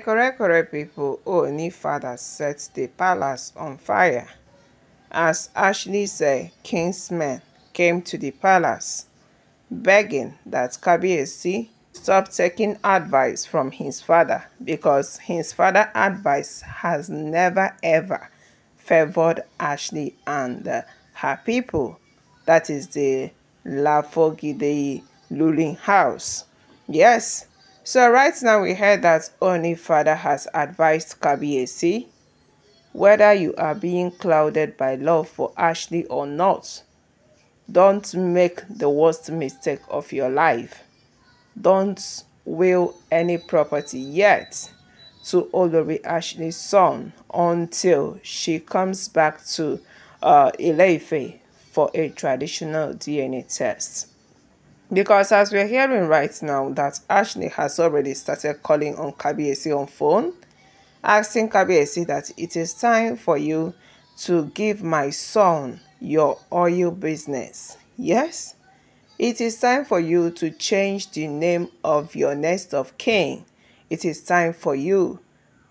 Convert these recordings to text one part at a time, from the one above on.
correct correct pipo oni oh, father set the palace on fire as ashley's men came to the palace begging that kabiyesi stop taking advice from his father because his father advice has never ever favored ashley and uh, her people that is the lafogide Luling house yes So right now we heard that only father has advised Kabiesi whether you are being clouded by love for Ashley or not. Don't make the worst mistake of your life. Don't will any property yet to Olori Ashley's son until she comes back to uh, Ileife for a traditional DNA test. Because as we're hearing right now that Ashley has already started calling on Kabiesi on phone, asking Kabiesi that it is time for you to give my son your oil business. Yes, it is time for you to change the name of your nest of kin. It is time for you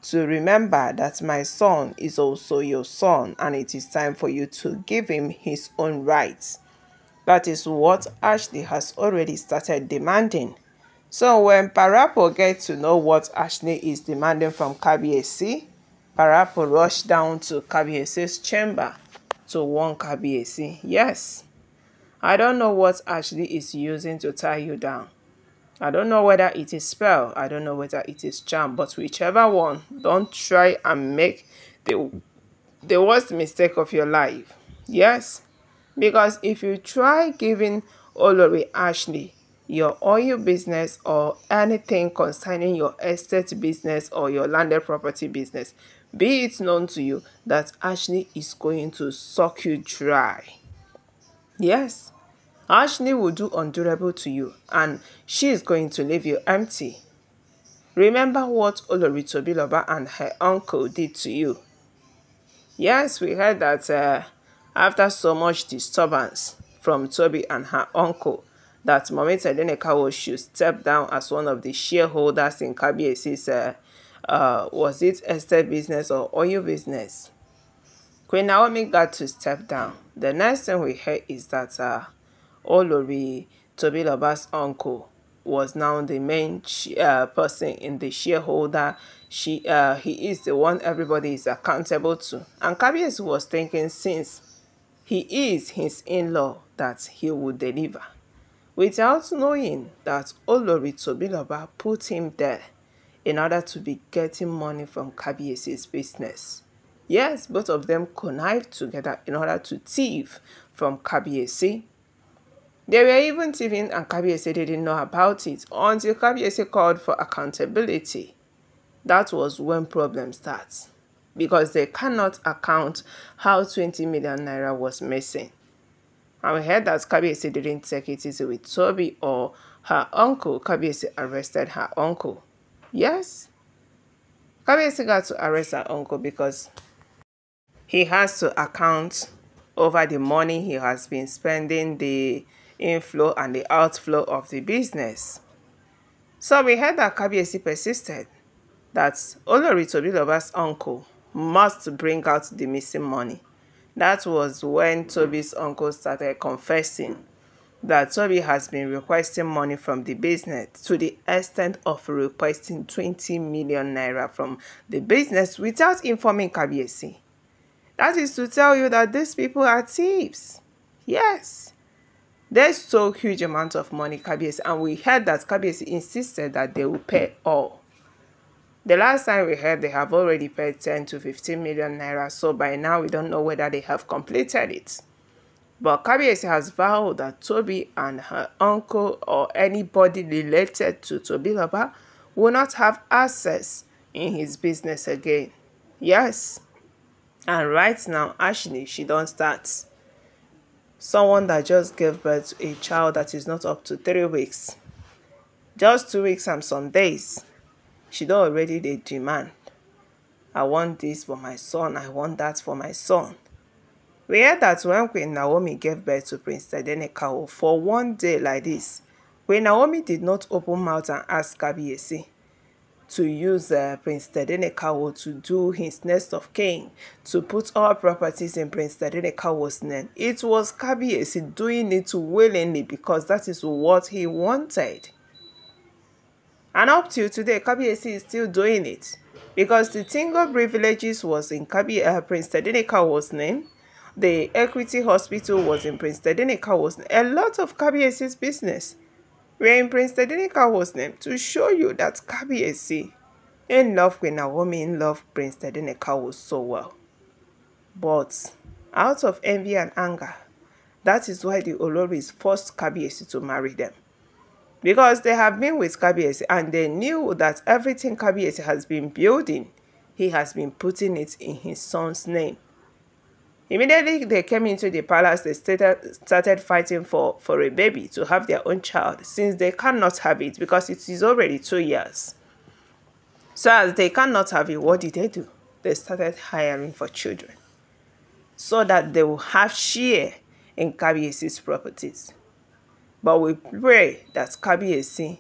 to remember that my son is also your son and it is time for you to give him his own rights. That is what Ashley has already started demanding. So when Parapo gets to know what Ashley is demanding from Kabiesi, Parapo rushed down to Kabiesi's chamber to warn Kabiesi. Yes, I don't know what Ashley is using to tie you down. I don't know whether it is spell, I don't know whether it is charm, but whichever one, don't try and make the, the worst mistake of your life. Yes, because if you try giving Olori Ashley your oil business or anything concerning your estate business or your landed property business, be it known to you that Ashley is going to suck you dry. Yes, Ashley will do undurable to you and she is going to leave you empty. Remember what Olori Tobiloba and her uncle did to you. Yes, we heard that uh, after so much disturbance from Toby and her uncle that Mommy Tedenekawo should step down as one of the shareholders in Kabiesi's, uh, uh, was it estate business or oil business? Queen Naomi got to step down. The next thing we heard is that uh, Olori Labas' uncle was now the main uh, person in the shareholder. She, uh, he is the one everybody is accountable to. And Kabiesi was thinking since he is his in-law that he would deliver, without knowing that Olori Tobiloba put him there in order to be getting money from Kabiyesi's business. Yes, both of them connived together in order to thieve from Kabiyesi. They were even thieving and Kabiyesi didn't know about it until Kabiyesi called for accountability. That was when problem starts because they cannot account how 20 million naira was missing. And we heard that Kabiesi didn't take it easy with Toby or her uncle. Kabiesi arrested her uncle. Yes? Kabiesi got to arrest her uncle because he has to account over the money he has been spending, the inflow and the outflow of the business. So we heard that Kabiesi persisted that Olori Tobiloba's uncle must bring out the missing money. That was when Toby's uncle started confessing that Toby has been requesting money from the business to the extent of requesting 20 million naira from the business without informing Kabiesi. That is to tell you that these people are thieves. Yes. They stole huge amounts of money, Kabiesi, and we heard that Kabiesi insisted that they will pay all. The last time we heard they have already paid 10 to 15 million naira, so by now we don't know whether they have completed it. But Kabiesi has vowed that Toby and her uncle or anybody related to Tobiloba will not have access in his business again. Yes. And right now, Ashley, she don't start. Someone that just gave birth to a child that is not up to three weeks. Just two weeks and some days. she don already dey demand i want this for my son i want that for my son we hear that when queen naomi gave birth to prince tadenikawo oh, for one day like this, queen naomi did not open mouth and ask kabiyesi to use uh, Prince Tadenikawo oh, to do his next of kin, to put all properties in Prince Tadenikawo's name. It was Kabiyesi doing it willingly because that is what he wanted. And up till today, Kabiyesi is still doing it. Because the Tingo Privileges was in Kabi, uh, Prince Tedinika was named. The Equity Hospital was in Prince Tedinika was named. A lot of Kabiyesi's business were in Prince Tedinika was named to show you that Kabiyesi in love with Naomi, in love Prince Tedenika was so well. But out of envy and anger, that is why the Olori forced Kabiyesi to marry them because they have been with Kabiesi and they knew that everything Kabiesi has been building, he has been putting it in his son's name. Immediately they came into the palace, they started, started fighting for, for a baby to have their own child since they cannot have it because it is already two years. So as they cannot have it, what did they do? They started hiring for children so that they will have share in Kabiesi's properties. But we pray that Kabiyesi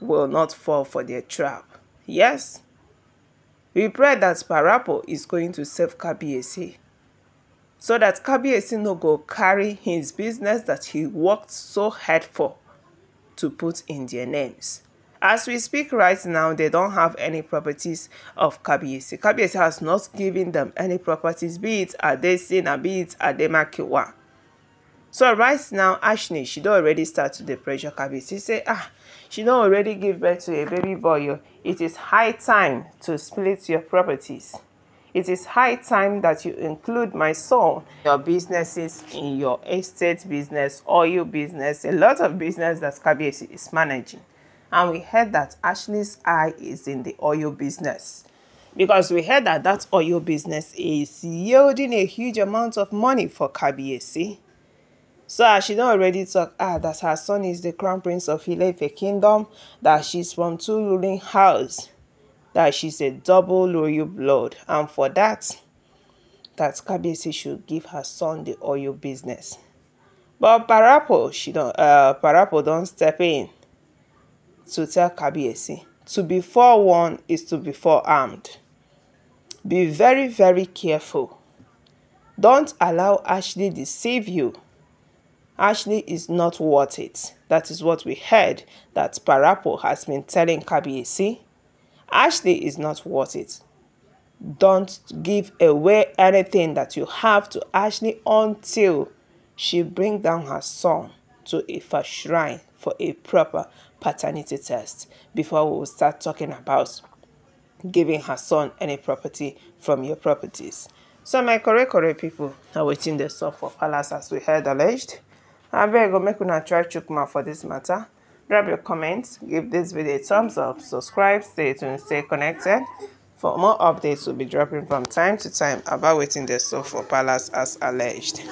will not fall for their trap. Yes, we pray that Parapo is going to save Kabiyesi so that Kabiyesi no go carry his business that he worked so hard for to put in their names. As we speak right now, they don't have any properties of Kabiyesi. Kabiyesi has not given them any properties, be it Adesin, be it Ademakiwa. So right now, Ashley, she don't already start to the pressure cabbage. She say, ah, she don't already give birth to a baby boy. Oh. It is high time to split your properties. It is high time that you include my son, your businesses in your estate business, oil business, a lot of business that Kabiesi is managing. And we heard that Ashley's eye is in the oil business because we heard that that oil business is yielding a huge amount of money for see? So as she don't already talk, ah, that her son is the crown prince of Ilefe kingdom, that she's from two ruling house, that she's a double royal blood. And for that, that Kabiyesi should give her son the oil business. But Parapo, she don't, uh, Parapo don't step in to tell Kabiyesi. To be forewarned is to be forearmed. Be very, very careful. Don't allow Ashley deceive you Ashley is not worth it. That is what we heard that Parapo has been telling Kabiesi. Ashley is not worth it. Don't give away anything that you have to Ashley until she brings down her son to a shrine for a proper paternity test before we will start talking about giving her son any property from your properties. So my correct correct people are waiting the soft for palace as we heard alleged. abeg go make una try chukwuma for dis matter drop your comment give dis video a thumbs up subscribe stay tuned stay connected for more updates we'll be dropping from time to time about wetin dey sup for palace as alleged